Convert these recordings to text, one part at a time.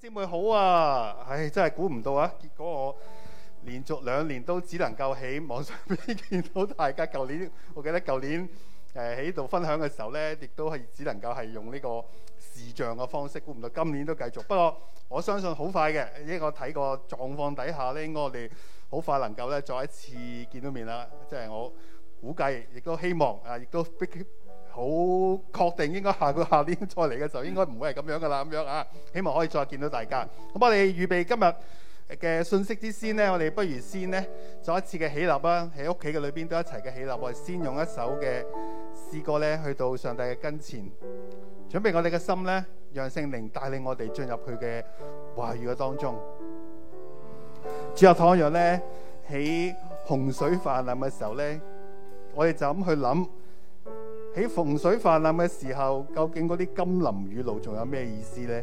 姐妹好啊！唉，真係估唔到啊！結果我連續兩年都只能夠喺網上邊見到大家。舊年我記得舊年誒喺度分享嘅時候呢，亦都係只能夠係用呢個視像嘅方式。估唔到今年都繼續。不過我相信好快嘅，因為我睇個狀況底下呢，應該我哋好快能夠呢再一次見到面啦。即係我估計，亦都希望啊，亦都必。好確定應該下個夏天再嚟嘅時候應該不，應該唔會係咁樣噶啦，咁樣啊！希望可以再見到大家。咁我哋預備今日嘅信息之先呢，我哋不如先呢再一次嘅起立啊！喺屋企嘅裏邊都一齊嘅起立，我哋先用一首嘅詩歌咧，去到上帝嘅跟前，準備我哋嘅心呢，讓聖靈帶領我哋進入佢嘅話語嘅當中。主啊，倘若咧喺洪水泛濫嘅時候咧，我哋就咁去諗。喺洪水泛濫嘅時候，究竟嗰啲甘霖雨露仲有咩意思呢？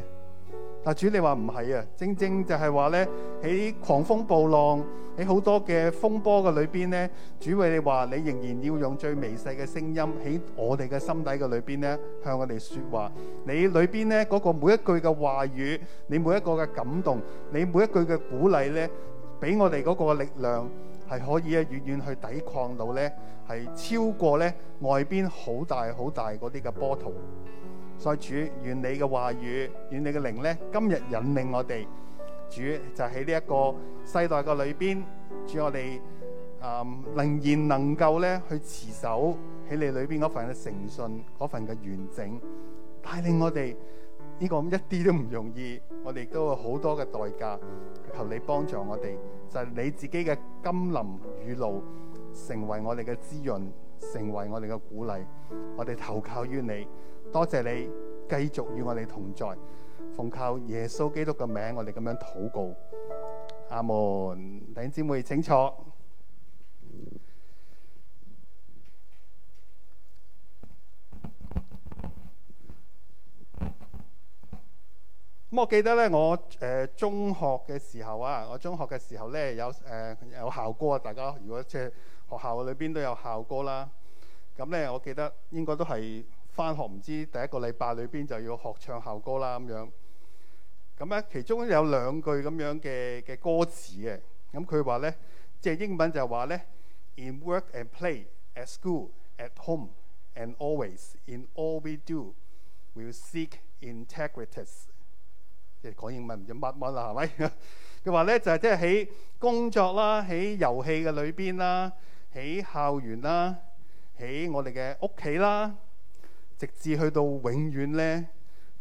但主你話唔係啊，正正就係話呢，喺狂風暴浪，喺好多嘅風波嘅裏邊呢，主你話，你仍然要用最微細嘅聲音喺我哋嘅心底嘅裏邊呢，向我哋說話。你裏邊呢嗰個每一句嘅話語，你每一個嘅感動，你每一句嘅鼓勵呢，俾我哋嗰個力量。係可以咧，遠遠去抵抗到咧，係超過咧外邊好大好大嗰啲嘅波濤。所以主，願你嘅話語，願你嘅靈咧，今日引領我哋。主就喺呢一個世代嘅裏邊，主我哋啊，仍、呃、然能夠咧去持守喺你裏邊嗰份嘅誠信，嗰份嘅完整，帶領我哋。呢個一啲都唔容易，我哋都有好多嘅代價，求你幫助我哋。就係、是、你自己嘅甘霖雨露，成為我哋嘅滋潤，成為我哋嘅鼓勵。我哋投靠於你，多謝你繼續與我哋同在。奉靠耶穌基督嘅名，我哋咁樣禱告。阿門。弟兄姊妹，請坐。咁我記得咧，我誒、呃、中學嘅時候啊，我中學嘅時候咧有誒、呃、有校歌啊。大家如果即係學校裏邊都有校歌啦，咁咧我記得應該都係返學唔知第一個禮拜裏邊就要學唱校歌啦。咁樣咁咧，其中有兩句咁樣嘅嘅歌詞嘅。咁佢話咧，即係英文就係話咧，In work and play at school at home and always in all we do we seek integrity。即係講英文唔知乜乜啦，係咪？佢話咧就係即係喺工作啦，喺遊戲嘅裏邊啦，喺校園啦，喺我哋嘅屋企啦，直至去到永遠咧，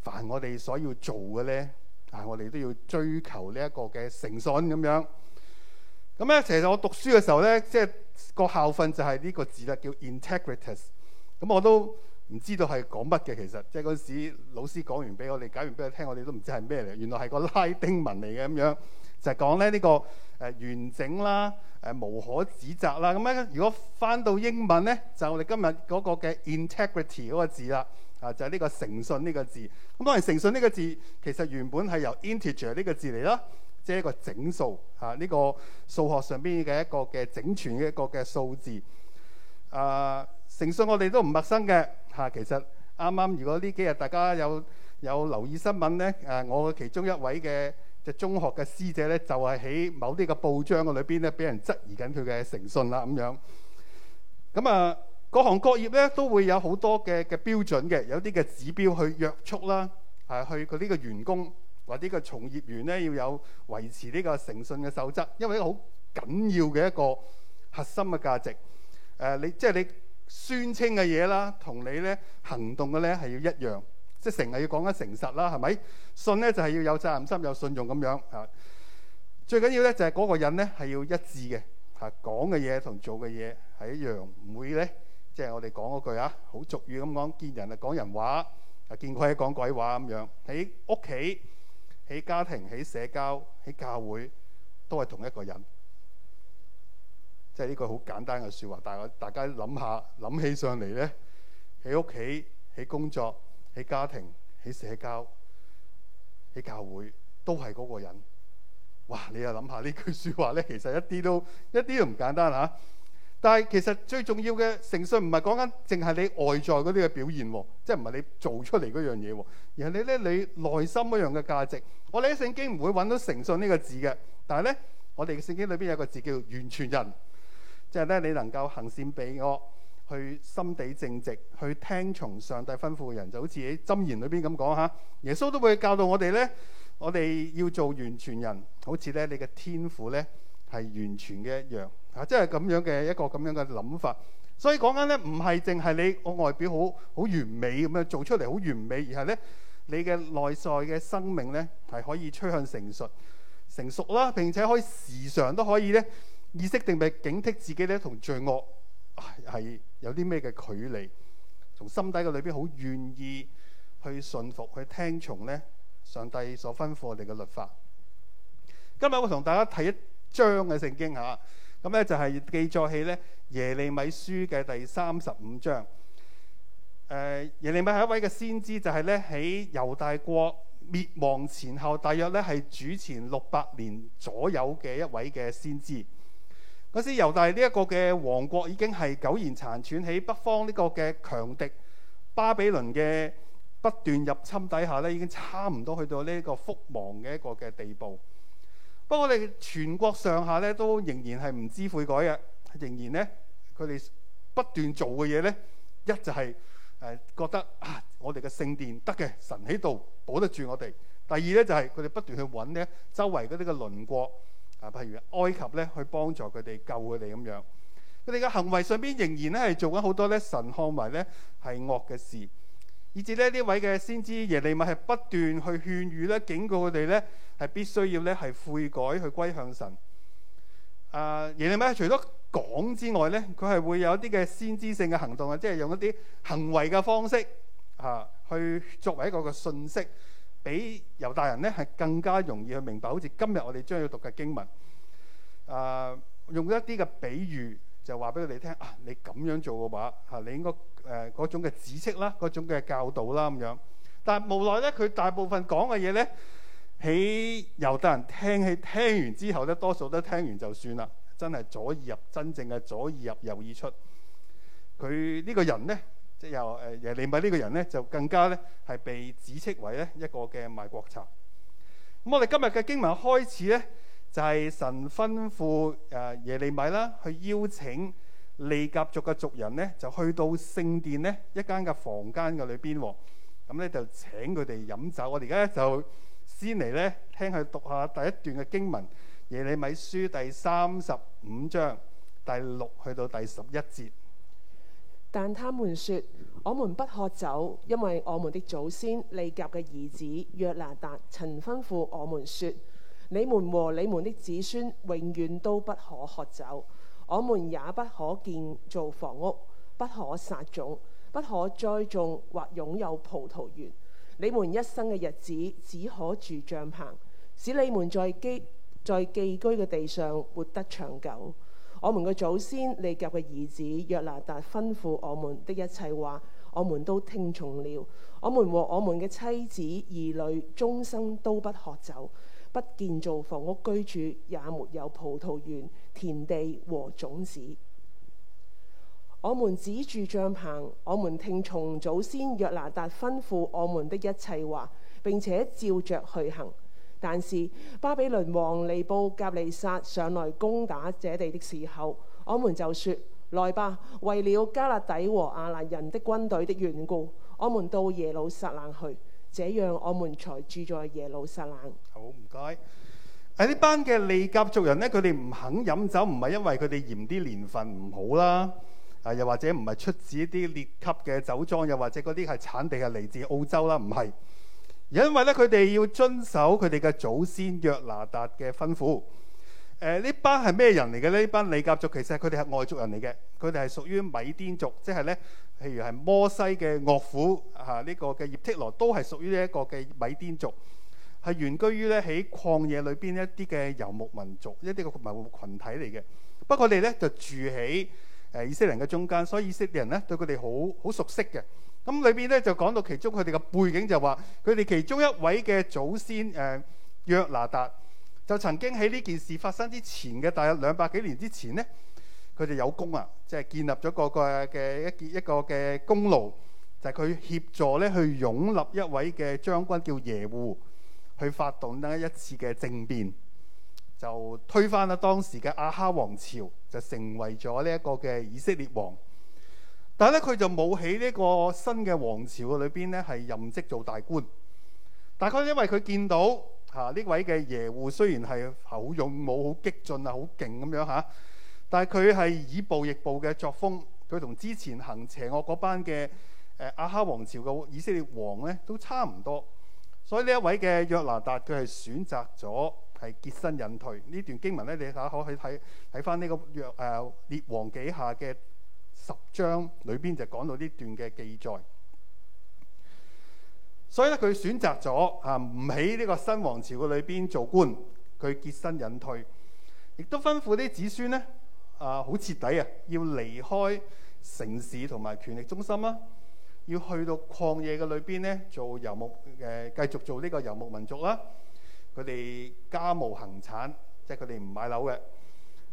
凡我哋所要做嘅咧，啊我哋都要追求呢一個嘅誠信咁樣。咁、嗯、咧，其實我讀書嘅時候咧，即係個校訓就係呢個字啦，叫 integrity、嗯。咁我都。唔知道係講乜嘅，其實即係嗰陣時老師講完俾我哋解完俾佢聽，我哋都唔知係咩嚟。原來係個拉丁文嚟嘅咁樣，就係、是、講咧呢、這個誒、呃、完整啦、誒、呃、無可指責啦。咁、嗯、咧，如果翻到英文呢，就我哋今日嗰個嘅 integrity 嗰個字啦，啊就係、是、呢個誠信呢個字。咁、啊、當然誠信呢個字其實原本係由 integer 呢個字嚟啦，即、就、係、是、一個整數啊，呢、這個數學上邊嘅一個嘅整全嘅一個嘅數字啊。誠信我哋都唔陌生嘅。嚇、啊，其實啱啱如果呢幾日大家有有留意新聞咧，誒、啊，我其中一位嘅就中學嘅師姐咧，就係、是、喺某啲嘅報章嘅裏邊咧，俾人質疑緊佢嘅誠信啦咁樣。咁啊，各行各業咧都會有好多嘅嘅標準嘅，有啲嘅指標去約束啦，係、啊、去佢呢個員工或者呢個從業員咧要有維持呢個誠信嘅守則，因為好緊要嘅一個核心嘅價值。誒、啊，你即係你，宣稱嘅嘢啦，同你咧行動嘅咧係要一樣，即成日要講緊誠實啦，係咪？信咧就係要有責任心、有信用咁樣啊。最緊要咧就係嗰個人咧係要一致嘅，嚇講嘅嘢同做嘅嘢係一樣，唔會咧即係我哋講嗰句啊，好俗語咁講，見人啊講人話，啊見鬼講鬼話咁樣。喺屋企、喺家庭、喺社交、喺教會都係同一個人。即係呢個好簡單嘅説話，但係大家諗下，諗起上嚟咧，喺屋企、喺工作、喺家庭、喺社交、喺教會，都係嗰個人。哇！你又諗下呢句説話咧，其實一啲都一啲都唔簡單嚇，啊。但係其實最重要嘅誠信唔係講緊，淨係你外在嗰啲嘅表現，即係唔係你做出嚟嗰樣嘢，而係你咧你內心嗰樣嘅價值。我哋喺聖經唔會揾到誠信呢個字嘅，但係咧，我哋嘅聖經裏邊有個字叫完全人。即係咧，你能夠行善避惡，去心地正直，去聽從上帝吩咐嘅人，就好似喺《箴言》裏邊咁講嚇。耶穌都會教導我哋咧，我哋要做完全人，好似咧你嘅天父咧係完全嘅一樣嚇，即係咁樣嘅一個咁樣嘅諗法。所以講緊咧，唔係淨係你我外表好好完美咁樣做出嚟好完美，而係咧你嘅內在嘅生命咧係可以趨向成熟、成熟啦，並且可以時常都可以咧。意識定係警惕自己咧，同罪惡係、哎、有啲咩嘅距離？從心底嘅裏邊好願意去順服、去聽從呢上帝所吩咐我哋嘅律法。今日我同大家睇一章嘅聖經嚇，咁、嗯、呢，就係、是、記載喺呢耶利米書嘅第三十五章。誒、呃、耶利米係一位嘅先知，就係呢喺猶大國滅亡前後，大約呢係主前六百年左右嘅一位嘅先知。嗰時猶大呢一個嘅王國已經係苟延殘喘，喺北方呢個嘅強敵巴比倫嘅不斷入侵底下咧，已經差唔多去到呢個覆亡嘅一個嘅地步。不過我哋全國上下咧都仍然係唔知悔改嘅，仍然呢佢哋不斷做嘅嘢呢，一就係誒覺得啊，我哋嘅聖殿得嘅，神喺度保得住我哋。第二呢就係佢哋不斷去揾呢周圍嗰啲嘅鄰國。啊，譬如埃及咧，去幫助佢哋救佢哋咁樣，佢哋嘅行為上邊仍然咧係做緊好多咧神看為咧係惡嘅事，以至咧呢位嘅先知耶利米係不斷去勸喻咧，警告佢哋咧係必須要咧係悔改去歸向神。啊，耶利米除咗講之外咧，佢係會有一啲嘅先知性嘅行動、就是、行的啊，即係用一啲行為嘅方式啊去作為一個嘅信息。比猶大人咧係更加容易去明白，好似今日我哋將要讀嘅經文，啊、呃，用一啲嘅比喻就話俾佢哋聽啊，你咁樣做嘅話嚇、啊，你應該誒嗰、呃、種嘅指示啦，嗰種嘅教導啦咁樣。但係無奈咧，佢大部分講嘅嘢咧，喺猶大人聽起聽完之後咧，多數都聽完就算啦，真係左耳入真正嘅左耳入右耳出。佢呢個人呢。由誒耶利米呢個人呢，就更加呢係被指斥為咧一個嘅賣國賊。咁我哋今日嘅經文開始呢，就係神吩咐誒耶利米啦，去邀請利甲族嘅族人呢，就去到聖殿呢一間嘅房間嘅裏邊，咁呢，就請佢哋飲酒。我哋而家就先嚟呢聽佢讀下第一段嘅經文《耶利米書》第三十五章第六去到第十一節。但他們說：我們不喝酒，因為我們的祖先利甲嘅兒子約拿達曾吩咐我們說：你們和你們的子孫永遠都不可喝酒；我們也不可建造房屋，不可撒種，不可栽種或擁有葡萄園。你們一生嘅日子只可住帳棚，使你們在基在寄居嘅地上活得長久。我們嘅祖先利甲嘅兒子約拿達吩咐我們的一切話，我們都聽從了。我們和我們嘅妻子、兒女，終生都不喝酒，不建造房屋居住，也沒有葡萄園、田地和種子。我們只住帳棚。我們聽從祖先約拿達吩咐我們的一切話，並且照着去行。但是巴比倫王尼布甲尼撒上來攻打這地的時候，我們就說：來吧，為了加勒底和亞蘭人的軍隊的緣故，我們到耶路撒冷去。這樣我們才住在耶路撒冷。好，唔該。喺、啊、呢班嘅利甲族人呢，佢哋唔肯飲酒，唔係因為佢哋嫌啲年份唔好啦，啊，又或者唔係出自一啲劣級嘅酒莊，又或者嗰啲係產地係嚟自澳洲啦，唔係。因為咧，佢哋要遵守佢哋嘅祖先約拿達嘅吩咐。誒，呢班係咩人嚟嘅？呢班利甲族其實係佢哋係外族人嚟嘅，佢哋係屬於米甸族，即係咧，譬如係摩西嘅岳父嚇呢個嘅葉忒羅都係屬於呢一個嘅米甸族，係原居於咧喺曠野裏邊一啲嘅遊牧民族一啲嘅民羣體嚟嘅。不過佢哋咧就住喺誒以色列人嘅中間，所以以色列人咧對佢哋好好熟悉嘅。咁裏邊咧就講到其中佢哋嘅背景就話，佢哋其中一位嘅祖先誒、呃、約拿達，就曾經喺呢件事發生之前嘅大約兩百幾年之前呢，佢哋有功啊，即、就、係、是、建立咗個嘅一一個嘅功勞，就係、是、佢協助咧去擁立一位嘅將軍叫耶戶，去發動呢一次嘅政變，就推翻啦當時嘅亞哈王朝，就成為咗呢一個嘅以色列王。但係咧，佢就冇喺呢個新嘅王朝嘅裏邊咧，係任職做大官。大概因為佢見到嚇呢、啊、位嘅耶戶雖然係好勇武、武好激進很啊、好勁咁樣嚇，但係佢係以暴易暴嘅作風，佢同之前行邪惡嗰班嘅誒亞哈王朝嘅以色列王咧都差唔多。所以呢一位嘅約拿達佢係選擇咗係潔身引退。呢段經文咧，你稍後去睇睇翻呢個約誒、啊、列王記下嘅。十章裏邊就講到呢段嘅記載，所以咧佢選擇咗啊唔喺呢個新王朝嘅裏邊做官，佢潔身隱退，亦都吩咐啲子孫咧啊好徹底啊，要離開城市同埋權力中心啦，要去到曠野嘅裏邊咧做遊牧誒，繼續做呢個遊牧民族啦。佢哋家無恆產，即係佢哋唔買樓嘅。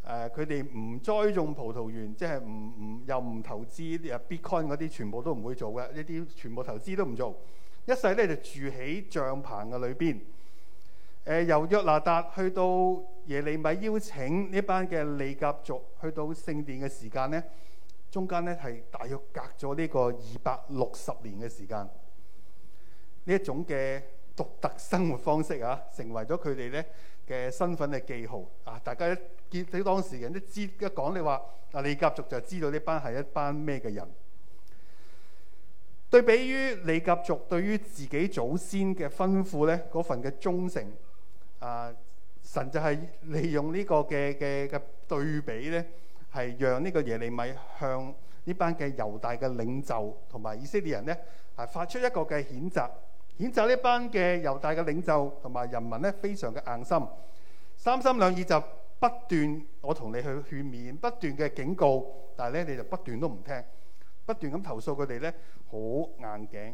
誒佢哋唔栽種葡萄園，即係唔唔又唔投資啊 Bitcoin 嗰啲，全部都唔會做嘅呢啲，全部投資都唔做。一世咧就住喺帳棚嘅裏邊。誒、呃、由約拿達去到耶利米邀請呢班嘅利甲族去到聖殿嘅時間咧，中間咧係大約隔咗呢個二百六十年嘅時間。呢一種嘅獨特生活方式啊，成為咗佢哋咧。嘅身份嘅記號啊！大家一見到當時嘅人都知，一講你話啊，利甲族就知道呢班係一班咩嘅人。對比於利甲族對於自己祖先嘅吩咐咧嗰份嘅忠誠啊，神就係利用呢個嘅嘅嘅對比咧，係讓呢個耶利米向呢班嘅猶大嘅領袖同埋以色列人咧，係發出一個嘅譴責。譴責呢班嘅猶大嘅領袖同埋人民呢，非常嘅硬心，三心兩意，就不斷我同你去勸勉，不斷嘅警告，但係呢，你就不斷都唔聽，不斷咁投訴佢哋呢好硬頸。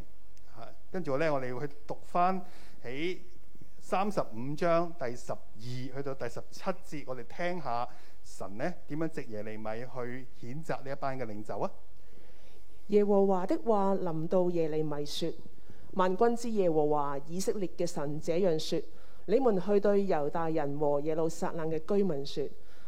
啊，跟住呢，我哋要去讀翻起三十五章第十二去到第十七節，我哋聽下神呢點樣藉耶利米去譴責呢一班嘅領袖啊！耶和華的話臨到耶利米說。萬軍之耶和華以色列嘅神這樣說：你們去對猶大人和耶路撒冷嘅居民說：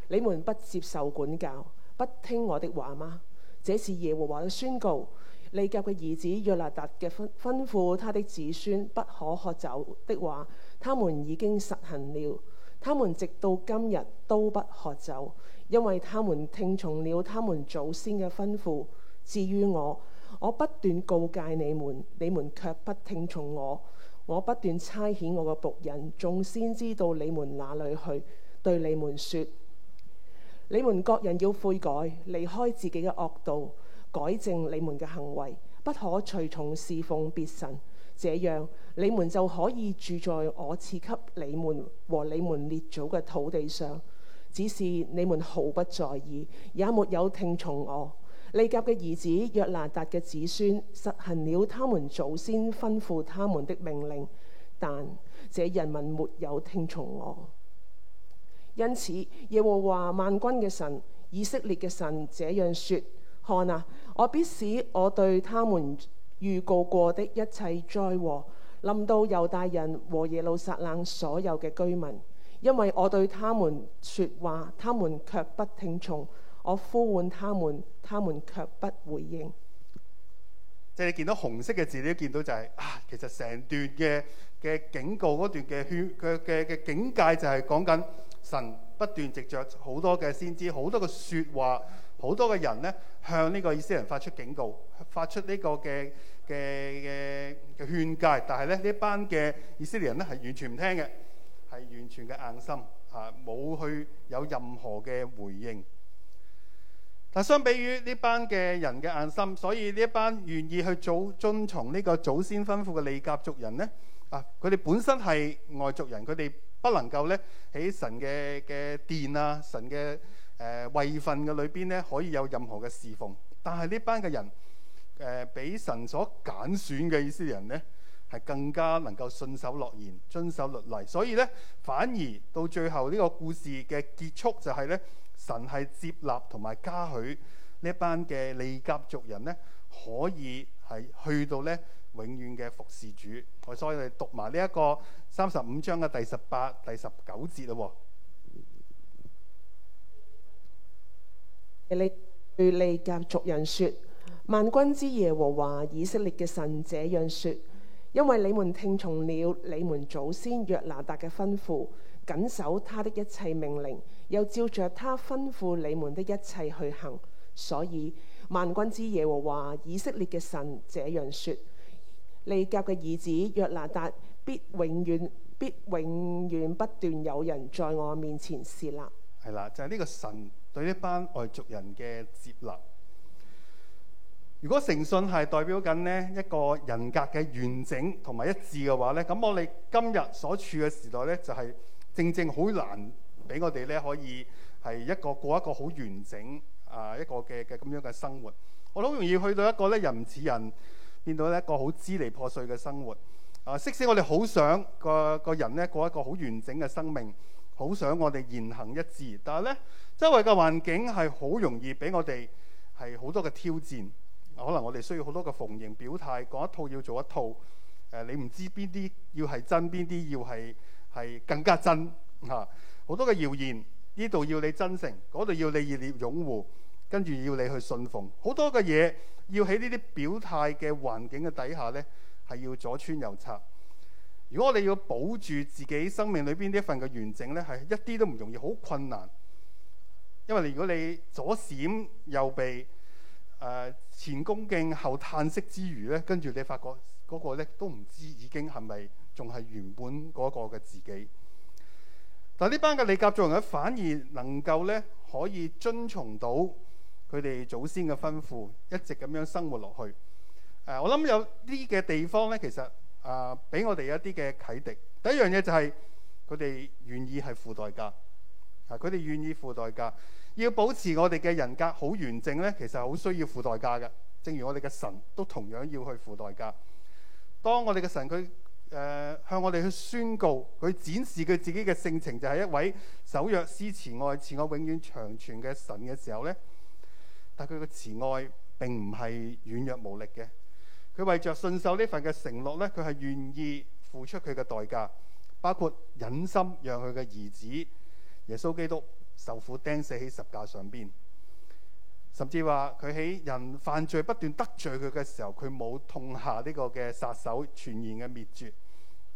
你們不接受管教，不聽我的話嗎？這是耶和華嘅宣告。利甲嘅兒子約拿達嘅吩吩咐他的子孫不可喝酒的話，他們已經實行了。他們直到今日都不喝酒，因為他們聽從了他們祖先嘅吩咐。至於我。我不斷告誡你們，你們卻不聽從我。我不斷差遣我個僕人，眾先知到你們那裏去，對你們說：你們各人要悔改，離開自己嘅惡道，改正你們嘅行為，不可隨從侍奉別神。這樣，你們就可以住在我賜給你們和你們列祖嘅土地上。只是你們毫不在意，也沒有聽從我。利甲嘅兒子約拿達嘅子孫實行了他們祖先吩咐他們的命令，但這人民沒有聽從我。因此，耶和華萬軍嘅神、以色列嘅神這樣說：看啊，我必使我對他們預告過的一切災禍臨到猶大人和耶路撒冷所有嘅居民，因為我對他們說話，他們卻不聽從。我呼喚他們。他們卻不回應。即係你見到紅色嘅字，你都見到就係、是、啊，其實成段嘅嘅警告嗰段嘅勸嘅嘅嘅警戒就係講緊神不斷藉着好多嘅先知、好多嘅説話、好多嘅人呢向呢個以色列人發出警告、發出呢個嘅嘅嘅嘅勸戒。但係咧，呢一班嘅以色列人呢，係完全唔聽嘅，係完全嘅硬心啊，冇去有任何嘅回應。嗱，但相比於呢班嘅人嘅硬心，所以呢一班願意去做遵從呢個祖先吩咐嘅利甲族人呢，啊，佢哋本身係外族人，佢哋不能夠呢喺神嘅嘅殿啊、神嘅誒位份嘅裏邊呢可以有任何嘅侍奉。但係呢班嘅人，誒、呃，比神所揀選嘅意思人呢，係更加能夠信守諾言、遵守律例。所以呢反而到最後呢個故事嘅結束就係呢。神係接納同埋加許呢班嘅利甲族人呢，可以係去到呢永遠嘅服侍主。我所以我讀埋呢一個三十五章嘅第十八、第十九節咯。你對利甲族人說：萬軍之耶和華以色列嘅神這樣說，因為你們聽從了你們祖先約拿達嘅吩咐，謹守他的一切命令。又照着他吩咐你們的一切去行，所以萬軍之耶和華以色列嘅神這樣說：利甲嘅兒子約拿達必永遠必永遠不斷有人在我面前侍立。係啦，就係、是、呢個神對呢班外族人嘅接納。如果誠信係代表緊呢一個人格嘅完整同埋一致嘅話呢，咁我哋今日所處嘅時代呢，就係正正好難。俾我哋咧，可以係一個過一個好完整啊，一個嘅嘅咁樣嘅生活。我好容易去到一個咧，人唔似人，變到一個好支離破碎嘅生活啊。即使我哋好想個個人咧過一個好完整嘅生命，好想我哋言行一致，但係咧，周圍嘅環境係好容易俾我哋係好多嘅挑戰、啊。可能我哋需要好多嘅逢迎表態，講一套要做一套。誒、啊，你唔知邊啲要係真，邊啲要係係更加真嚇。啊。好多嘅謠言，呢度要你真誠，嗰度要你熱烈擁護，跟住要你去信奉。好多嘅嘢要喺呢啲表態嘅環境嘅底下呢，係要左穿右插。如果你要保住自己生命裏邊呢一份嘅完整呢，係一啲都唔容易，好困難。因為你如果你左閃右避，誒前恭敬後嘆息之餘呢，跟住你發覺嗰個呢，都唔知已經係咪仲係原本嗰個嘅自己。但呢班嘅利甲族人咧，反而能夠咧可以遵從到佢哋祖先嘅吩咐，一直咁樣生活落去。誒、啊，我諗有啲嘅地方咧，其實誒俾、啊、我哋一啲嘅啟迪。第一樣嘢就係佢哋願意係付代價，啊，佢哋願意付代價，要保持我哋嘅人格好完整咧，其實好需要付代價嘅。正如我哋嘅神都同樣要去付代價，當我哋嘅神佢。誒向我哋去宣告，去展示佢自己嘅性情，就係一位守約施慈愛、慈愛永遠長存嘅神嘅時候呢，但佢嘅慈愛並唔係軟弱無力嘅，佢為着信守呢份嘅承諾呢，佢係願意付出佢嘅代價，包括忍心讓佢嘅兒子耶穌基督受苦釘死喺十架上邊。甚至話佢喺人犯罪不斷得罪佢嘅時候，佢冇痛下呢個嘅殺手，全然嘅滅絕。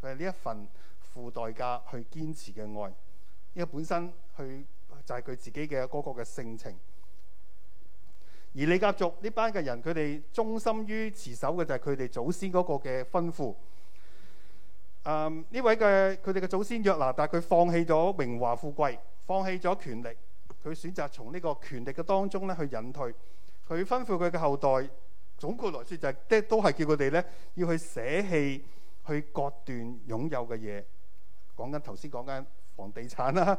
佢係呢一份付代價去堅持嘅愛，因為本身佢就係佢自己嘅嗰個嘅性情。而利甲族呢班嘅人，佢哋忠心於持守嘅就係佢哋祖先嗰個嘅吩咐。啊、嗯，呢位嘅佢哋嘅祖先約拿但，佢放棄咗榮華富貴，放棄咗權力。佢選擇從呢個權力嘅當中咧去隱退，佢吩咐佢嘅後代，總括來說就係即係都係叫佢哋咧要去捨棄、去割斷擁有嘅嘢。講緊頭先講緊房地產啦、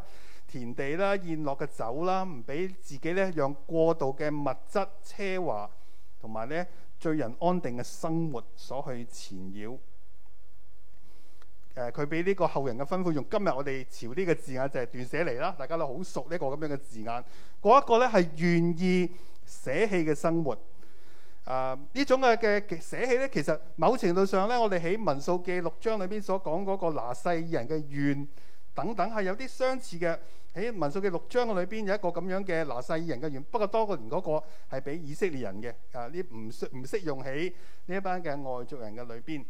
田地啦、宴樂嘅酒啦，唔俾自己咧讓過度嘅物質奢華同埋咧醉人安定嘅生活所去纏繞。誒佢俾呢個後人嘅吩咐用，用今日我哋潮啲嘅字眼就係斷捨離啦。大家都好熟呢一個咁樣嘅字眼。嗰一個呢係願意捨棄嘅生活啊！呃、種寫呢種嘅嘅捨棄咧，其實某程度上呢，我哋喺民數記六章裏邊所講嗰個拿細耳人嘅願等等係有啲相似嘅，喺民數記六章嘅裏邊有一個咁樣嘅拿細耳人嘅願，不過當年嗰個係俾以色列人嘅啊！啲唔唔適用喺呢一班嘅外族人嘅裏邊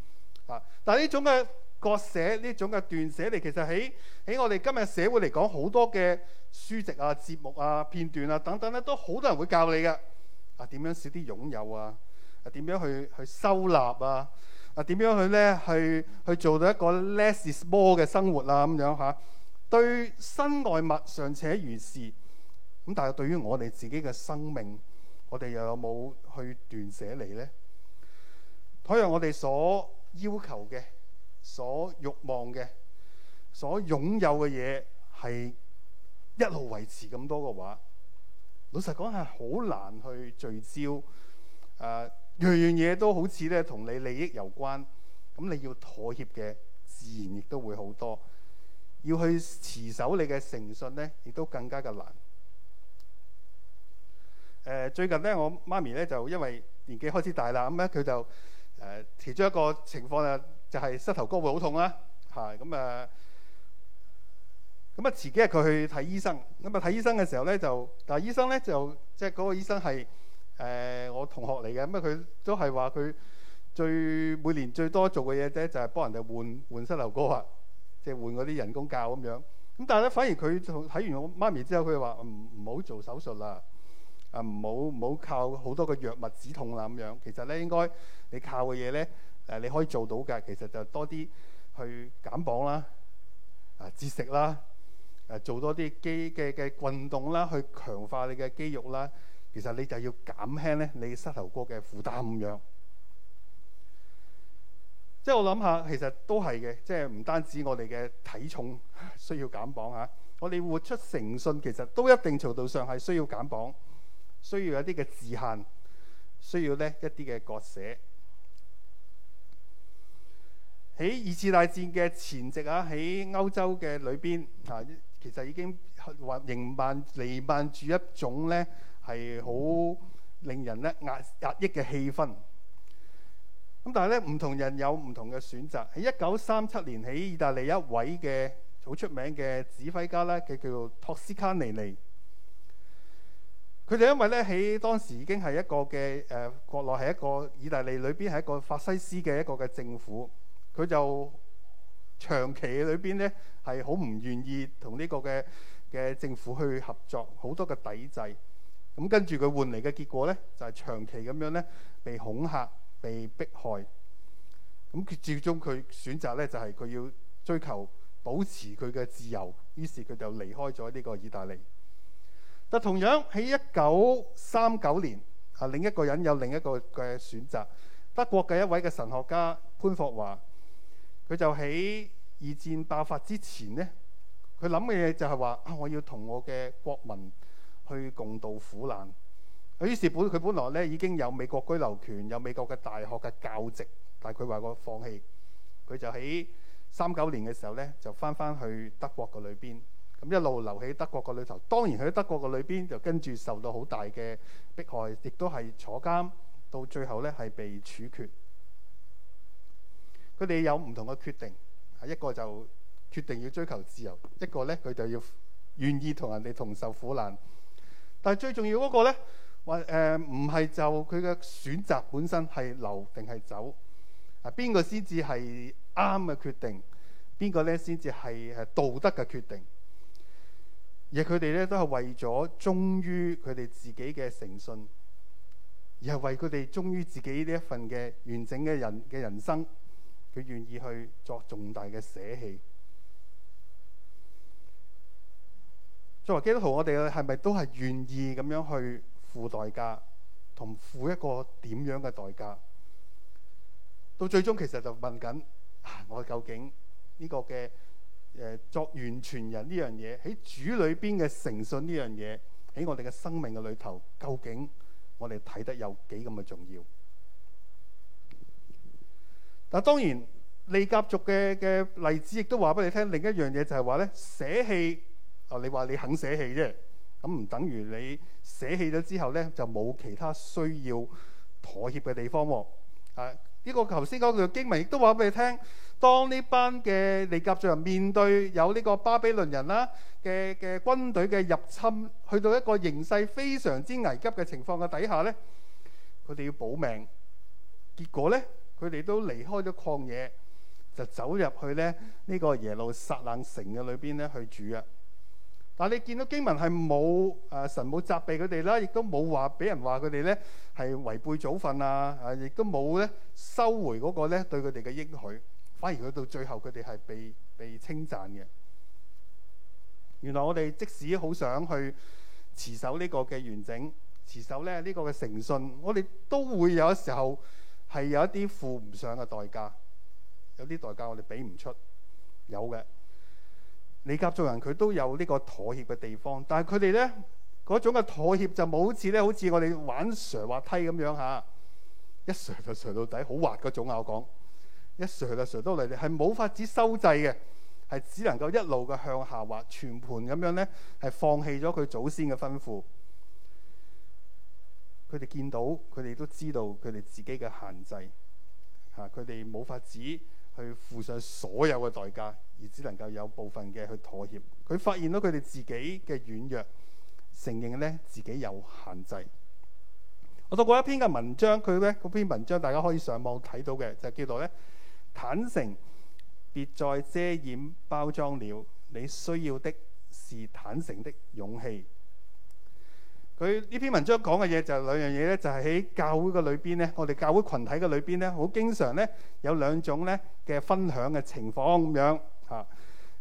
啊。但係呢種嘅。割捨呢種嘅斷捨離，其實喺喺我哋今日社會嚟講，好多嘅書籍啊、節目啊、片段啊等等咧，都好多人會教你嘅啊。點樣少啲擁有啊？啊，點樣去去收納啊？啊，點樣去咧？去去做到一個 less is more 嘅生活啊？咁樣吓、啊、對身外物尚且如是咁，但係對於我哋自己嘅生命，我哋又有冇去斷捨離咧？睇下我哋所要求嘅。所欲望嘅、所擁有嘅嘢係一路維持咁多嘅話，老實講係好難去聚焦。誒、呃，樣樣嘢都好似咧同你利益有關，咁你要妥協嘅自然亦都會好多，要去持守你嘅誠信呢亦都更加嘅難。誒、呃，最近呢，我媽咪呢，就因為年紀開始大啦，咁咧佢就誒其中一個情況啊。就係膝頭哥會好痛啦、啊，係咁啊，咁啊，遲幾日佢去睇醫生，咁啊，睇醫生嘅時候咧就，但係醫生咧就即係嗰個醫生係、呃、我同學嚟嘅，咁啊，佢都係話佢最每年最多做嘅嘢咧就係幫人哋換換膝頭哥啊，即係換嗰啲人工膠咁樣，咁但係咧反而佢睇完我媽咪之後，佢話唔唔好做手術啦，啊唔好唔好靠好多嘅藥物止痛啦咁樣，其實咧應該你靠嘅嘢咧。誒你可以做到㗎，其實就多啲去減磅啦，啊節食啦，誒做多啲肌嘅嘅運動啦，去強化你嘅肌肉啦。其實你就要減輕咧你膝頭哥嘅負擔咁樣。即係我諗下，其實都係嘅，即係唔單止我哋嘅體重需要減磅啊，我哋活出誠信其實都一定程度上係需要減磅，需要一啲嘅自限，需要咧一啲嘅割捨。喺二次大戰嘅前夕啊，喺歐洲嘅裏邊啊，其實已經話仍漫瀰漫住一種呢係好令人咧壓壓抑嘅氣氛。咁但係咧，唔同人有唔同嘅選擇。喺一九三七年，喺意大利一位嘅好出名嘅指揮家咧，佢叫做托斯卡尼尼。佢哋因為呢，喺當時已經係一個嘅誒、呃、國內係一個意大利裏邊係一個法西斯嘅一個嘅政府。佢就長期裏邊呢係好唔願意同呢個嘅嘅政府去合作，好多嘅抵制。咁跟住佢換嚟嘅結果呢，就係長期咁樣呢，被恐嚇、被迫害。咁佢最終佢選擇呢就係佢要追求保持佢嘅自由，於是佢就離開咗呢個意大利。但同樣喺一九三九年啊，另一個人有另一個嘅選擇，德國嘅一位嘅神學家潘霍華。佢就喺二戰爆發之前呢，佢諗嘅嘢就係話啊，我要同我嘅國民去共度苦難。於是本佢本來咧已經有美國居留權，有美國嘅大學嘅教職，但係佢話過放棄。佢就喺三九年嘅時候咧，就翻翻去德國個裏邊，咁一路留喺德國個裏頭。當然喺德國個裏邊就跟住受到好大嘅迫害，亦都係坐監，到最後咧係被處決。佢哋有唔同嘅決定，一個就決定要追求自由，一個咧佢就要願意同人哋同受苦難。但係最重要嗰個咧，話誒唔係就佢嘅選擇本身係留定係走啊？邊個先至係啱嘅決定？邊個咧先至係係道德嘅決定？而佢哋咧都係為咗忠於佢哋自己嘅誠信，而係為佢哋忠於自己呢一份嘅完整嘅人嘅人生。佢願意去作重大嘅捨棄。作為基督徒，我哋係咪都係願意咁樣去付代價，同付一個點樣嘅代價？到最終其實就問緊：我究竟呢個嘅誒作完全人呢樣嘢，喺主裏邊嘅誠信呢樣嘢，喺我哋嘅生命嘅裏頭，究竟我哋睇得有幾咁嘅重要？嗱，當然利甲族嘅嘅例子亦都話俾你聽，另一樣嘢就係話呢，捨棄啊、哦！你話你肯捨棄啫，咁唔等於你捨棄咗之後呢，就冇其他需要妥協嘅地方喎、哦。啊，呢、這個頭先講嘅經文亦都話俾你聽，當呢班嘅利甲族人面對有呢個巴比倫人啦嘅嘅軍隊嘅入侵，去到一個形勢非常之危急嘅情況嘅底下呢，佢哋要保命，結果呢。佢哋都離開咗曠野，就走入去咧呢、這個耶路撒冷城嘅裏邊咧去住啊！但係你見到經文係冇誒神冇責備佢哋啦，亦都冇話俾人話佢哋咧係違背祖訓啊！誒、啊，亦都冇咧收回嗰個咧對佢哋嘅應許，反而佢到最後佢哋係被被稱讚嘅。原來我哋即使好想去持守呢個嘅完整，持守咧呢個嘅誠信，我哋都會有時候。係有一啲付唔上嘅代價，有啲代價我哋俾唔出，有嘅。利甲族人佢都有呢個妥協嘅地方，但係佢哋咧嗰種嘅妥協就冇好似咧，好似我哋玩斜滑梯咁樣吓，一斜就斜到底，好滑嗰種啊！我講一斜就斜到嚟，係冇法子收掣嘅，係只能夠一路嘅向下滑，全盤咁樣咧係放棄咗佢祖先嘅吩咐。佢哋見到，佢哋都知道佢哋自己嘅限制，嚇佢哋冇法子去付上所有嘅代價，而只能夠有部分嘅去妥協。佢發現到佢哋自己嘅軟弱，承認自己有限制。我讀過一篇嘅文章，佢呢嗰篇文章大家可以上網睇到嘅，就是叫做呢，坦誠，別再遮掩包裝了。你需要的是坦誠的勇氣。佢呢篇文章講嘅嘢就兩樣嘢咧，就係喺教會嘅裏邊咧，我哋教會群體嘅裏邊咧，好經常咧有兩種咧嘅分享嘅情況咁樣嚇。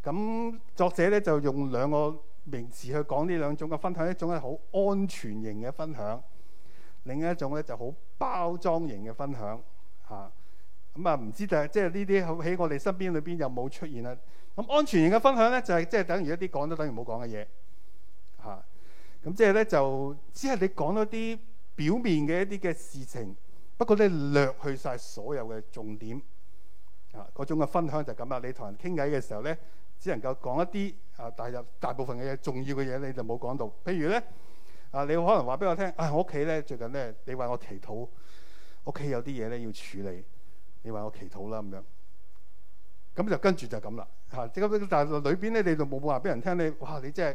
咁作者咧就用兩個名詞去講呢兩種嘅分享，一種係好安全型嘅分享，另一種咧就好包裝型嘅分享嚇。咁啊，唔知就係即係呢啲好喺我哋身邊裏邊有冇出現啦。咁安全型嘅分享咧就係即係等於一啲講都等於冇講嘅嘢嚇，咁即係咧，就只係你講咗啲表面嘅一啲嘅事情，不過咧略去晒所有嘅重點啊，嗰種嘅分享就咁啦。你同人傾偈嘅時候咧，只能夠講一啲啊，但係大大部分嘅嘢重要嘅嘢你就冇講到。譬如咧啊，你可能話俾我聽啊，我屋企咧最近咧，你話我祈禱屋企有啲嘢咧要處理，你話我祈禱啦咁樣。咁就跟住就咁啦嚇，即、啊、係但係裏邊咧，你就冇話俾人聽你哇，你即係。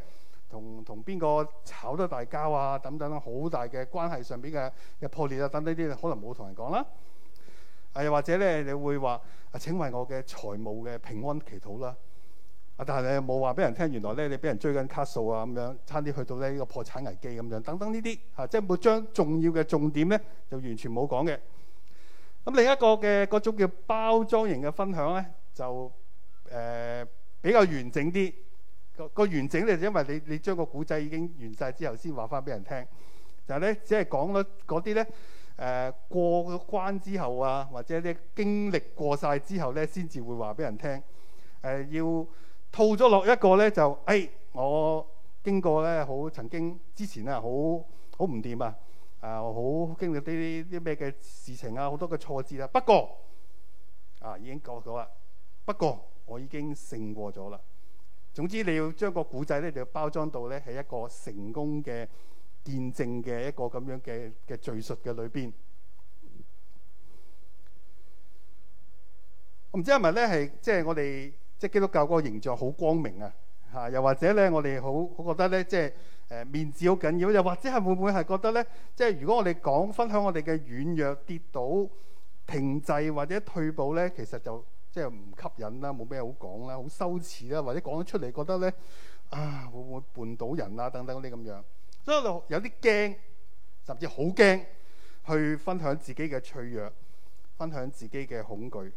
同同邊個炒得大交啊？等等，好大嘅關係上面嘅嘅破裂啊，等呢啲可能冇同人講啦。又、啊、或者咧，你會話啊，請為我嘅財務嘅平安祈禱啦。啊，但係你冇話俾人聽，原來咧你俾人追緊卡數啊，咁樣差啲去到呢一個破產危機咁樣等等呢啲啊，即係冇將重要嘅重點咧，就完全冇講嘅。咁另一個嘅嗰種叫包裝型嘅分享咧，就、呃、比較完整啲。個個完整咧，就因為你你將個古仔已經完晒之後先話翻俾人聽，就係咧只係講咗嗰啲咧誒，過關之後啊，或者啲經歷過晒之後咧，先至會話俾人聽。誒，要套咗落一個咧，就誒我經過咧好曾經之前啊，好好唔掂啊，啊好經歷啲啲咩嘅事情啊，好多嘅挫折啊。不過啊已經過咗啦，不過我已經勝過咗啦。總之，你要將個古仔咧，你要包裝到咧係一個成功嘅見證嘅一個咁樣嘅嘅敘述嘅裏邊。我唔知係咪咧，係即係我哋即係基督教嗰個形象好光明啊，嚇！又或者咧，我哋好覺得咧，即係誒面子好緊要，又或者係會唔會係覺得咧，即係如果我哋講分享我哋嘅軟弱、跌倒、停滯或者退步咧，其實就即係唔吸引啦，冇咩好講啦，好羞恥啦，或者講咗出嚟覺得呢，唉會會人啊，會唔會絆倒人啊等等啲咁樣，所以我就有啲驚，甚至好驚去分享自己嘅脆弱，分享自己嘅恐懼，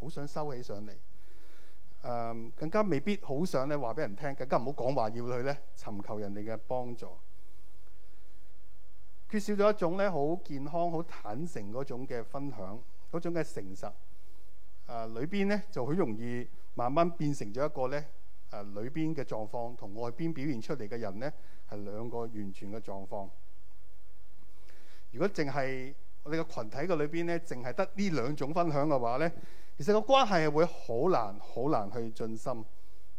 好想收起上嚟、嗯。更加未必好想咧話俾人聽，更加唔好講話要去呢尋求人哋嘅幫助，缺少咗一種呢好健康、好坦誠嗰種嘅分享，嗰種嘅誠實。誒裏邊咧就好容易慢慢變成咗一個咧，誒裏邊嘅狀況，同外邊表現出嚟嘅人咧係兩個完全嘅狀況。如果淨係我哋嘅群體嘅裏邊咧，淨係得呢兩種分享嘅話咧，其實個關係係會好難好難去進深。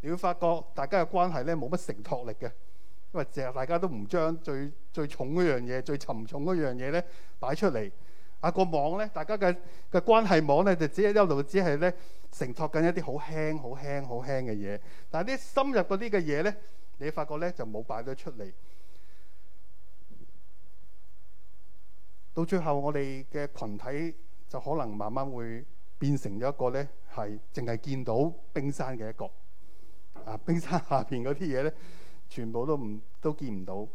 你會發覺大家嘅關係咧冇乜承托力嘅，因為成日大家都唔將最最重嗰樣嘢、最沉重嗰樣嘢咧擺出嚟。啊！個網咧，大家嘅嘅關係網咧，就直只係一路只係咧承托緊一啲好輕、好輕、好輕嘅嘢。但係啲深入嗰啲嘅嘢咧，你發覺咧就冇擺得出嚟。到最後，我哋嘅群體就可能慢慢會變成咗一個咧，係淨係見到冰山嘅一個啊！冰山下邊嗰啲嘢咧，全部都唔都見唔到，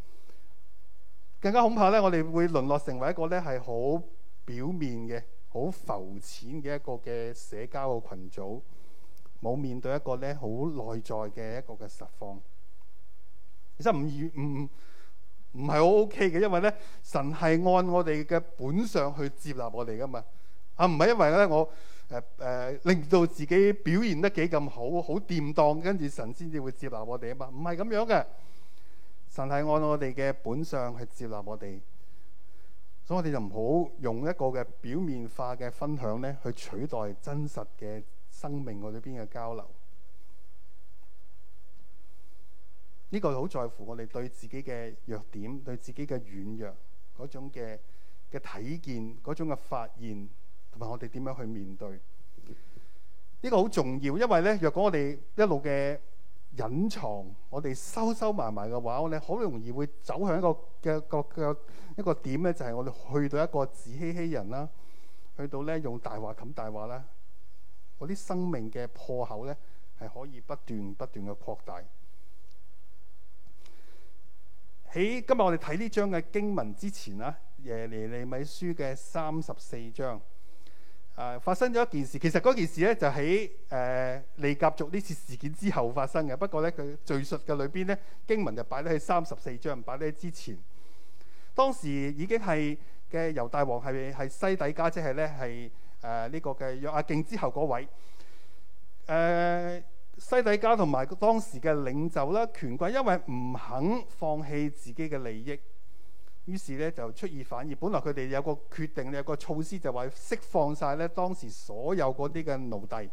更加恐怕咧，我哋會淪落成為一個咧係好。表面嘅好浮淺嘅一個嘅社交嘅群組，冇面對一個咧好內在嘅一個嘅實況，其實唔如唔唔係好 OK 嘅，因為咧神係按我哋嘅本相去接納我哋噶嘛，啊唔係因為咧我誒誒、呃呃、令到自己表現得幾咁好，好掂當，跟住神先至會接納我哋啊嘛，唔係咁樣嘅，神係按我哋嘅本相去接納我哋。所以我哋就唔好用一個嘅表面化嘅分享呢去取代真實嘅生命嗰邊嘅交流。呢個好在乎我哋對自己嘅弱點、對自己嘅軟弱嗰種嘅嘅體見嗰種嘅發現，同埋我哋點樣去面對呢個，好重要。因為呢，若果我哋一路嘅隱藏我哋收收埋埋嘅話，我哋好容易會走向一個嘅個嘅一,一個點咧，就係、是、我哋去到一個自欺欺人啦，去到咧用大話冚大話啦，嗰啲生命嘅破口咧，係可以不斷不斷嘅擴大。喺今日我哋睇呢章嘅經文之前啊，《耶利，利米書》嘅三十四章。誒、啊、發生咗一件事，其實嗰件事咧就喺誒、呃、利甲族呢次事件之後發生嘅。不過咧，佢敘述嘅裏邊咧，經文就擺咗喺三十四章，擺咗喺之前。當時已經係嘅猶大王係係西底家，即係咧係誒呢、呃這個嘅約阿敬之後嗰位。誒、呃、西底家同埋當時嘅領袖啦、權貴，因為唔肯放棄自己嘅利益。於是咧就出爾反爾。本來佢哋有個決定，有個措施，就話釋放晒咧當時所有嗰啲嘅奴隸。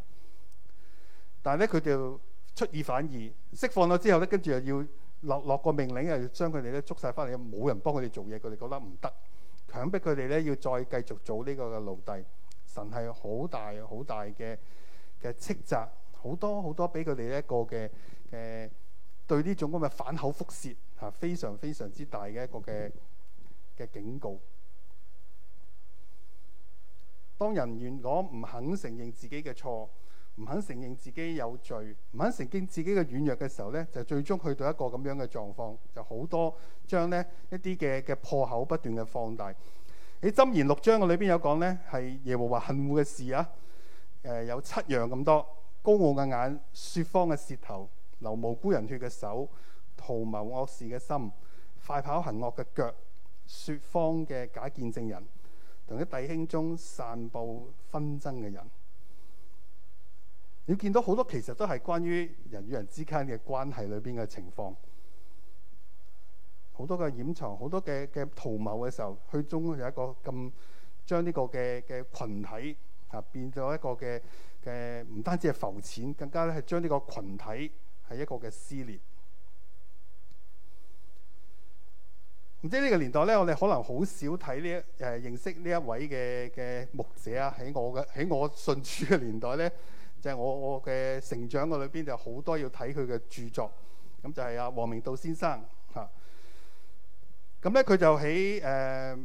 但係咧佢哋出爾反爾，釋放咗之後咧，跟住又要落落個命令，又要將佢哋咧捉晒翻嚟。冇人幫佢哋做嘢，佢哋覺得唔得，強迫佢哋咧要再繼續做呢個嘅奴隸。神係好大好大嘅嘅斥責，好多好多俾佢哋一個嘅嘅對呢種咁嘅反口覆舌嚇，非常非常之大嘅一個嘅嘅警告，當人如果唔肯承認自己嘅錯，唔肯承認自己有罪，唔肯承認自己嘅軟弱嘅時候呢，就最終去到一個咁樣嘅狀況，就好多將呢一啲嘅嘅破口不斷嘅放大。喺《箴言》六章嘅裏邊有講呢係耶和華恨惡嘅事啊。誒，有七樣咁多：高傲嘅眼、説謊嘅舌頭、流無辜人血嘅手、圖謀惡事嘅心、快跑行惡嘅腳。説謊嘅假見證人，同啲弟兄中散佈紛爭嘅人，你見到好多其實都係關於人與人之間嘅關係裏邊嘅情況，好多嘅掩藏，好多嘅嘅圖謀嘅時候，去中有一個咁將呢個嘅嘅羣體啊變咗一個嘅嘅，唔單止係浮淺，更加咧係將呢個群體係一個嘅撕裂。唔知呢個年代咧，我哋可能好少睇呢一誒認識呢一位嘅嘅牧者啊。喺我嘅喺我信主嘅年代咧，就係我我嘅成長嘅裏邊，就好多要睇佢嘅著作。咁就係阿王明道先生嚇。咁咧，佢就喺誒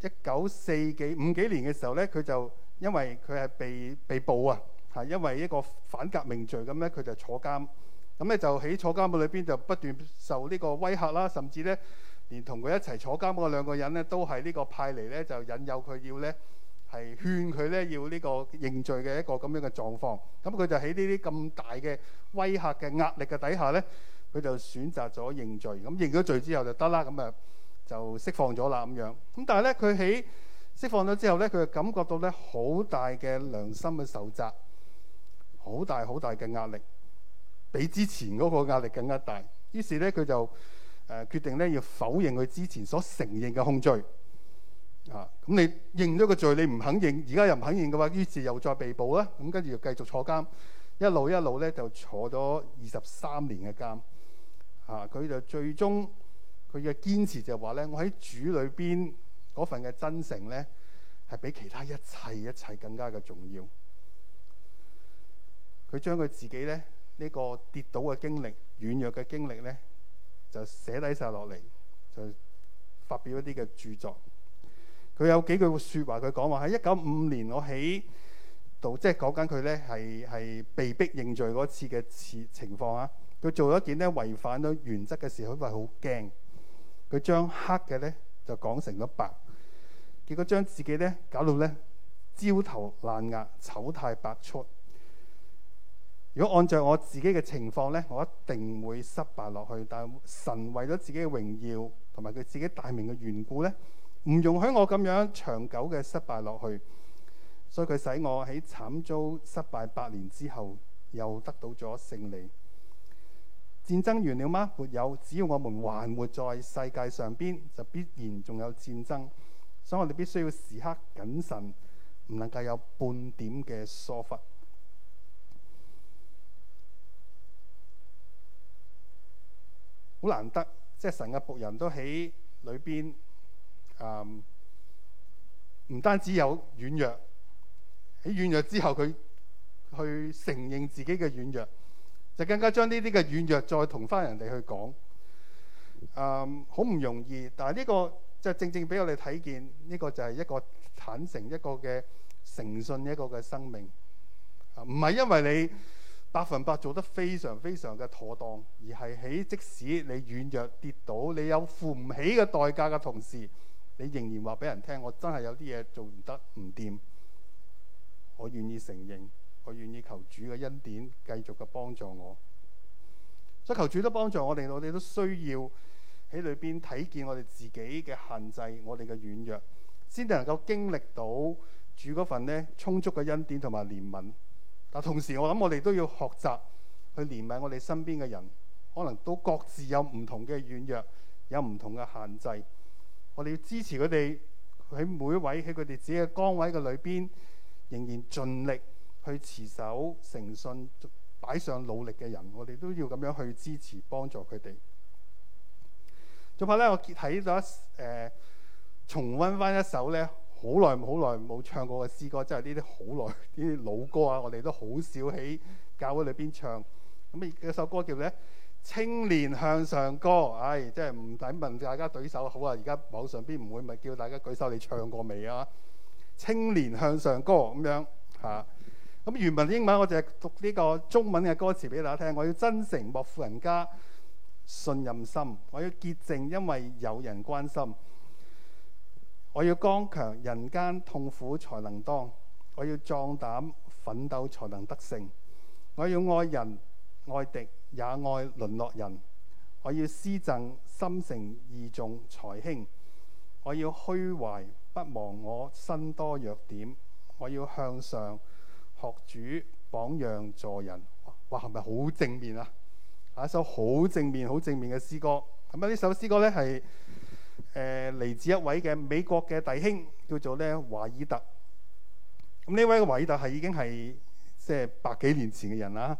一九四幾五幾年嘅時候咧，佢就因為佢係被被捕啊嚇，因為一個反革命罪咁咧，佢就坐監。咁咧就喺坐監嘅裏邊，就不斷受呢個威嚇啦，甚至咧。連同佢一齊坐監嗰兩個人呢，都係呢個派嚟呢，就引誘佢要呢，係勸佢呢要呢個認罪嘅一個咁樣嘅狀況。咁佢就喺呢啲咁大嘅威嚇嘅壓力嘅底下呢，佢就選擇咗認罪。咁認咗罪之後就得啦，咁啊就釋放咗啦咁樣。咁但係呢，佢喺釋放咗之後呢，佢就感覺到呢好大嘅良心嘅受責，好大好大嘅壓力，比之前嗰個壓力更加大。於是呢，佢就誒、啊、決定咧要否認佢之前所承認嘅控罪啊！咁你認咗個罪，你唔肯認，而家又唔肯認嘅話，於是又再被捕啦。咁跟住又繼續坐監，一路一路咧就坐咗二十三年嘅監。嚇、啊！佢就最終佢嘅堅持就係話咧：我喺主裏邊嗰份嘅真誠咧，係比其他一切一切更加嘅重要。佢將佢自己咧呢、呢個跌倒嘅經歷、軟弱嘅經歷咧，就寫低晒落嚟，就發表一啲嘅著作。佢有幾句説話，佢講話喺一九五年我，我喺度，即係講緊佢呢，係係被逼認罪嗰次嘅情況啊。佢做咗件呢違反咗原則嘅事，佢話好驚。佢將黑嘅呢就講成咗白，結果將自己呢搞到呢焦頭爛額、醜態百出。如果按照我自己嘅情況呢，我一定會失敗落去。但神為咗自己嘅榮耀同埋佢自己大名嘅緣故呢，唔容許我咁樣長久嘅失敗落去。所以佢使我喺慘遭失敗八年之後，又得到咗勝利。戰爭完了嗎？沒有，只要我們還活在世界上邊，就必然仲有戰爭。所以我哋必須要時刻謹慎，唔能夠有半點嘅疏忽。好難得，即係神嘅僕人都喺裏邊，嗯，唔單止有軟弱，喺軟弱之後佢去承認自己嘅軟弱，就更加將呢啲嘅軟弱再同翻人哋去講，嗯，好唔容易。但係呢個就正正俾我哋睇見，呢個就係一個坦誠、一個嘅誠信、一個嘅生命，唔係因為你。百分百做得非常非常嘅妥當，而係喺即使你軟弱跌倒，你有付唔起嘅代價嘅同時，你仍然話俾人聽，我真係有啲嘢做唔得唔掂，我願意承認，我願意求主嘅恩典繼續嘅幫助我。所以求主都幫助我哋，我哋都需要喺裏邊睇見我哋自己嘅限制，我哋嘅軟弱，先至能夠經歷到主嗰份呢充足嘅恩典同埋憐憫。但同時我諗我哋都要學習去憐憫我哋身邊嘅人，可能都各自有唔同嘅軟弱，有唔同嘅限制。我哋要支持佢哋喺每一位喺佢哋自己嘅崗位嘅裏邊仍然盡力去持守誠信，擺上努力嘅人，我哋都要咁樣去支持幫助佢哋。最後咧，我睇咗誒，重温翻一首咧。好耐好耐冇唱過嘅詩歌，即係呢啲好耐呢啲老歌啊！我哋都好少喺教會裏邊唱。咁啊，呢首歌叫咧《青年向上歌》，唉、哎，即係唔使問大家舉手好啊！而家網上邊唔會咪叫大家舉手你唱過未啊？《青年向上歌》咁樣嚇。咁、啊、原文英文我就係讀呢個中文嘅歌詞俾大家聽。我要真誠莫負人家信任心，我要潔淨因為有人關心。我要剛強，人間痛苦才能當；我要壯膽奮鬥才能得勝。我要愛人、愛敵，也愛淪落人。我要施贈，心誠意重財輕。我要虛懷，不忘我身多弱點。我要向上，學主榜樣助人。哇，係咪好正面啊？下一首好正面、好正面嘅詩歌。咁啊，呢首詩歌呢，係。誒嚟自一位嘅美國嘅弟兄，叫做咧華爾特。咁呢位華爾特係已經係即係百幾年前嘅人啦。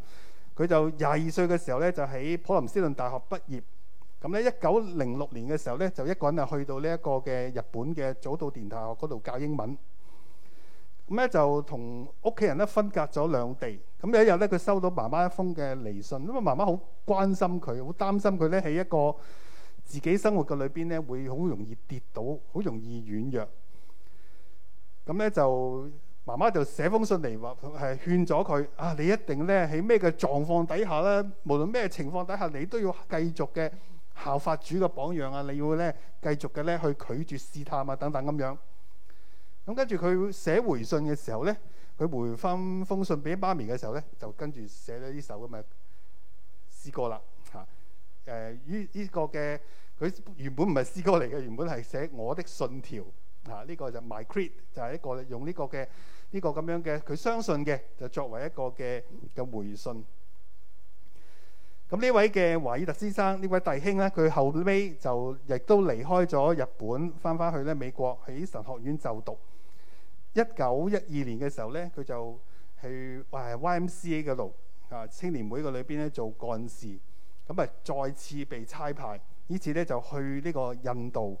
佢就廿二歲嘅時候咧，就喺普林斯頓大學畢業。咁咧，一九零六年嘅時候咧，就一個人啊去到呢一個嘅日本嘅早稻田大學嗰度教英文。咁咧就同屋企人咧分隔咗兩地。咁有一日咧，佢收到媽媽一封嘅嚟信，因為媽媽好關心佢，好擔心佢咧喺一個。自己生活嘅裏邊咧，會好容易跌倒，好容易軟弱。咁咧就媽媽就寫封信嚟話係勸咗佢啊！你一定咧喺咩嘅狀況底下咧，無論咩情況底下，你都要繼續嘅效法主嘅榜樣啊！你要咧繼續嘅咧去拒絕試探啊等等咁樣。咁跟住佢寫回信嘅時候咧，佢回翻封信俾媽咪嘅時候咧，就跟住寫咗呢首咁嘅詩歌啦。誒，依依、呃這個嘅佢原本唔係詩歌嚟嘅，原本係寫我的信條吓。呢、啊這個就 My Creed 就係一個用呢個嘅呢、這個咁樣嘅佢相信嘅，就作為一個嘅嘅回信。咁呢位嘅華爾特先生呢位弟兄咧，佢後尾就亦都離開咗日本，翻翻去咧美國喺神學院就讀。一九一二年嘅時候咧，佢就去誒 YMCA 嘅度啊青年會嘅裏邊咧做幹事。咁咪再次被差派，呢次咧就去呢個印度，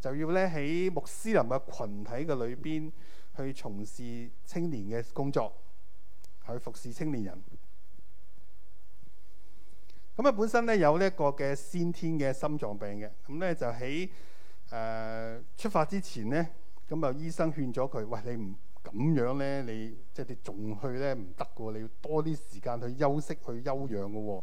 就要咧喺穆斯林嘅群體嘅裏邊去從事青年嘅工作，去服侍青年人。咁啊，本身咧有呢一個嘅先天嘅心臟病嘅，咁咧就喺誒出發之前咧，咁啊醫生勸咗佢：喂，你唔咁樣咧，你即係你仲去咧唔得嘅喎，你要多啲時間去休息、去休養嘅喎。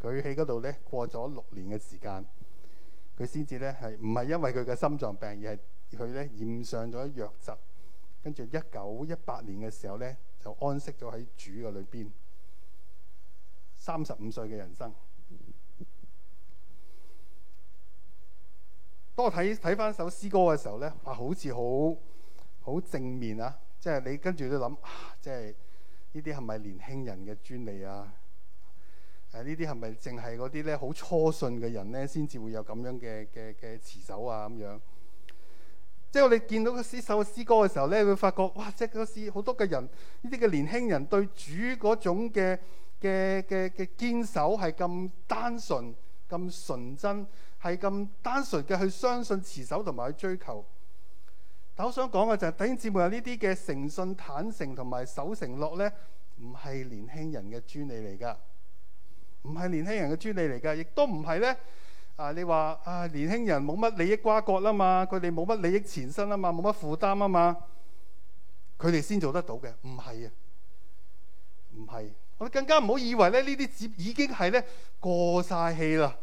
佢喺嗰度咧過咗六年嘅時間，佢先至咧係唔係因為佢嘅心臟病，而係佢咧染上咗藥疾，跟住一九一八年嘅時候咧就安息咗喺主嘅裏邊，三十五歲嘅人生。當我睇睇返首詩歌嘅時候咧，哇，啊，好似好好正面啊！即係你跟住都諗，啊，即係呢啲係咪年輕人嘅專利啊？誒、啊、呢啲係咪淨係嗰啲咧好初信嘅人咧，先至會有咁樣嘅嘅嘅持守啊？咁樣即係我哋見到個首詩歌嘅時候咧，你會發覺哇！即係嗰詩好多嘅人呢啲嘅年輕人對主嗰種嘅嘅嘅嘅堅守係咁單純、咁純真，係咁單純嘅去相信持守同埋去追求。但我想講嘅就係弟兄姊妹，呢啲嘅誠信、坦誠同埋守承諾咧，唔係年輕人嘅專利嚟㗎。唔係年輕人嘅專利嚟㗎，亦都唔係咧。啊，你話啊，年輕人冇乜利益瓜葛啊嘛，佢哋冇乜利益前身啊嘛，冇乜負擔啊嘛，佢哋先做得到嘅，唔係啊，唔係。我哋更加唔好以為咧，呢啲已已經係咧過晒氣啦，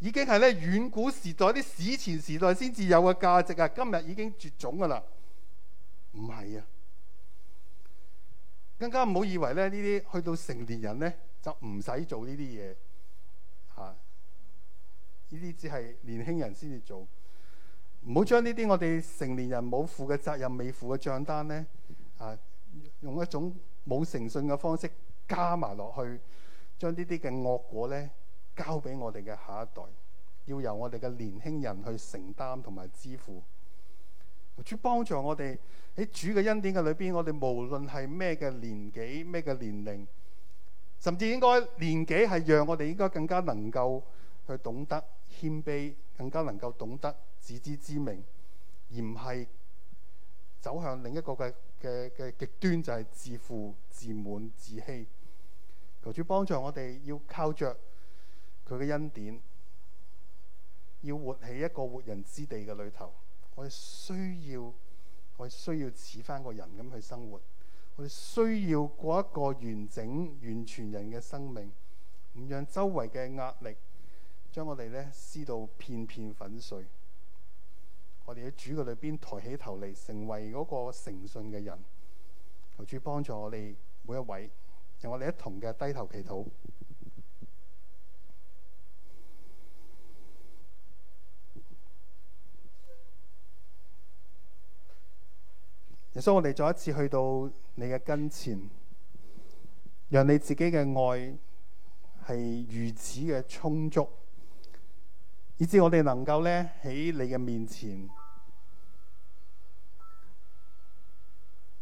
已經係咧遠古時代啲史前時代先至有嘅價值啊，今日已經絕種㗎啦，唔係啊。更加唔好以為咧，呢啲去到成年人咧。唔使做呢啲嘢，嚇、啊！呢啲只係年輕人先至做。唔好將呢啲我哋成年人冇負嘅責任、未負嘅帳單呢，啊，用一種冇誠信嘅方式加埋落去，將呢啲嘅惡果呢交俾我哋嘅下一代，要由我哋嘅年輕人去承擔同埋支付，主幫助我哋喺主嘅恩典嘅裏邊，我哋無論係咩嘅年紀、咩嘅年齡。甚至應該年紀係讓我哋應該更加能夠去懂得謙卑，更加能夠懂得自知之明，而唔係走向另一個嘅嘅嘅極端，就係自負、自滿、自欺。求主幫助我哋，要靠着佢嘅恩典，要活喺一個活人之地嘅裏頭。我哋需要，我哋需要似返個人咁去生活。我哋需要過一個完整、完全人嘅生命，唔讓周圍嘅壓力將我哋呢撕到片片粉碎。我哋喺主嘅裏邊抬起頭嚟，成為嗰個誠信嘅人。求主幫助我哋每一位，用我哋一同嘅低頭祈禱。所以我哋再一次去到你嘅跟前，讓你自己嘅愛係如此嘅充足，以致我哋能夠咧喺你嘅面前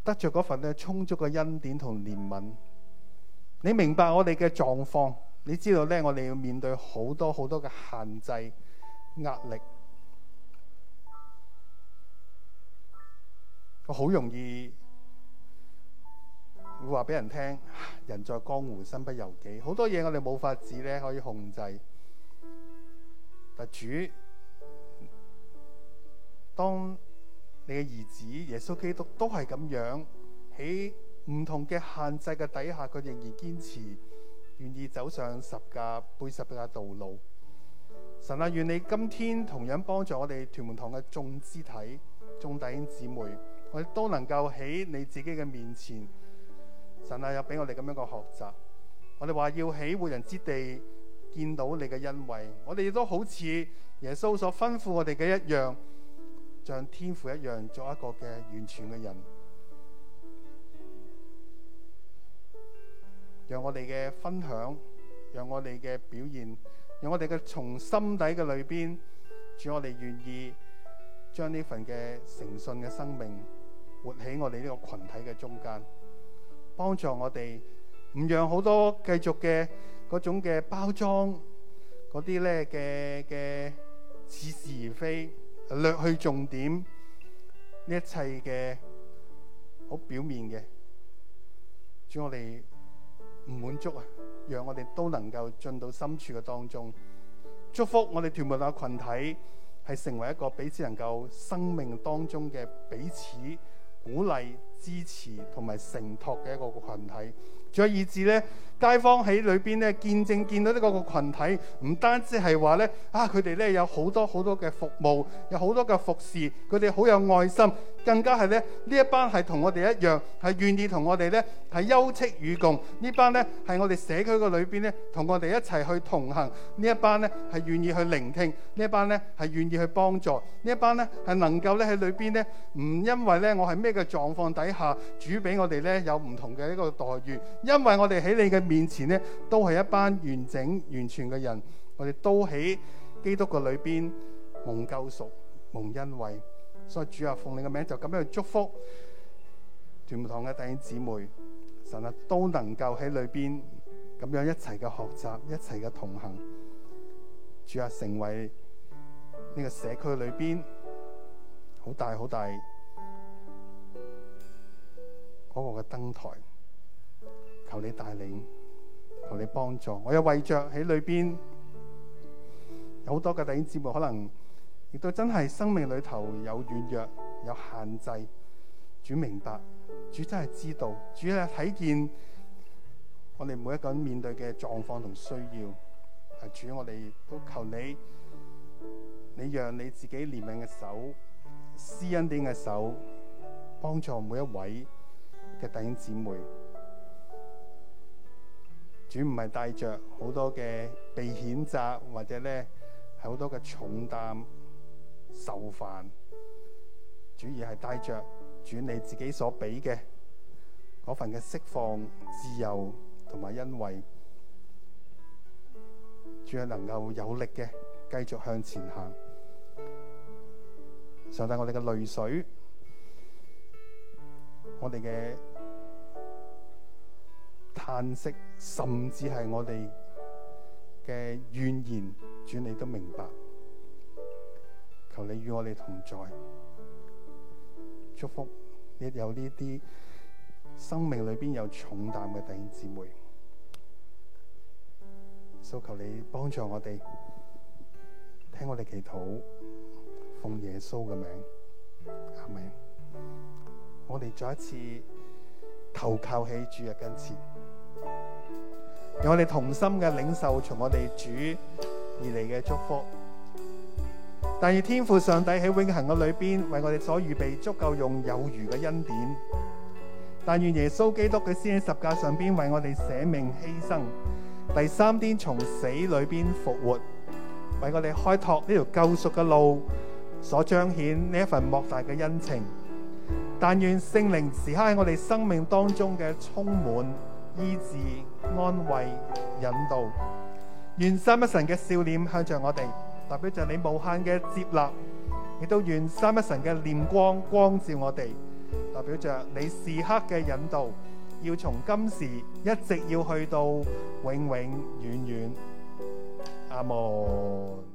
得着嗰份咧充足嘅恩典同憐憫。你明白我哋嘅狀況，你知道咧我哋要面對好多好多嘅限制壓力。我好容易會話俾人聽，人在江湖身不由己，好多嘢我哋冇法子咧可以控制。但主，當你嘅兒子耶穌基督都係咁樣喺唔同嘅限制嘅底下，佢仍然堅持願意走上十架背十架道路。神啊，願你今天同樣幫助我哋屯門堂嘅眾肢體、眾弟兄姊妹。我哋都能夠喺你自己嘅面前，神啊，有俾我哋咁樣個學習。我哋話要喺活人之地見到你嘅恩惠，我哋亦都好似耶穌所吩咐我哋嘅一樣，像天父一樣，做一個嘅完全嘅人。讓我哋嘅分享，讓我哋嘅表現，讓我哋嘅從心底嘅裏邊，主我哋願意將呢份嘅誠信嘅生命，活喺我哋呢個群體嘅中間，幫助我哋唔讓好多繼續嘅嗰種嘅包裝，嗰啲咧嘅嘅似是而非、略去重點呢一切嘅好表面嘅，令我哋唔滿足啊，讓我哋都能夠進到深處嘅當中，祝福我哋屯門啊群體係成為一個彼此能夠生命當中嘅彼此。鼓勵、支持同埋承托嘅一個群體，再以至咧。街坊喺裏邊咧，見證見到呢個個群體，唔單止係話咧啊，佢哋咧有好多好多嘅服務，有好多嘅服侍，佢哋好有愛心，更加係咧呢一班係同我哋一樣，係願意同我哋咧係休戚與共。呢班咧係我哋社區嘅裏邊咧，同我哋一齊去同行。呢一班咧係願意去聆聽，呢一班咧係願意去幫助，呢一班咧係能夠咧喺裏邊咧唔因為咧我係咩嘅狀況底下，主俾我哋咧有唔同嘅一個待遇，因為我哋喺你嘅面面前呢，都係一班完整完全嘅人，我哋都喺基督嘅裏邊蒙救贖、蒙恩惠，所以主啊奉你嘅名就咁樣去祝福屯門堂嘅弟兄姊妹，神啊都能夠喺裏邊咁樣一齊嘅學習、一齊嘅同行，主要成為呢個社區裏邊好大好大嗰個嘅燈台，求你帶領。求你幫助，我有為着喺裏邊有好多嘅弟兄姐妹，可能亦都真係生命裏頭有軟弱、有限制。主明白，主真係知道，主又睇見我哋每一個人面對嘅狀況同需要。主我哋都求你，你讓你自己憐憫嘅手、施恩典嘅手，幫助每一位嘅弟兄姊妹。主唔係帶着好多嘅被譴責或者呢係好多嘅重擔受煩，主而係帶着主你自己所俾嘅嗰份嘅釋放、自由同埋恩惠，主啊能夠有力嘅繼續向前行。上帝，我哋嘅淚水，我哋嘅。嘆息，甚至係我哋嘅怨言，主你都明白。求你與我哋同在，祝福你有呢啲生命裏邊有重擔嘅弟兄姊妹，求求你幫助我哋，聽我哋祈禱，奉耶穌嘅名，阿們。我哋再一次投靠起主嘅跟前。用我哋同心嘅領受，從我哋主而嚟嘅祝福。但願天父上帝喺永恆嘅裏邊，為我哋所預備足夠用有餘嘅恩典。但願耶穌基督嘅先喺十架上邊為我哋捨命犧牲。第三天從死裏邊復活，為我哋開拓呢條救贖嘅路，所彰顯呢一份莫大嘅恩情。但願聖靈時刻喺我哋生命當中嘅充滿。醫治、安慰、引導，願三一神嘅笑臉向着我哋，代表着你無限嘅接納；亦都願三一神嘅念光光照我哋，代表着你時刻嘅引導，要從今時一直要去到永永遠遠。阿門。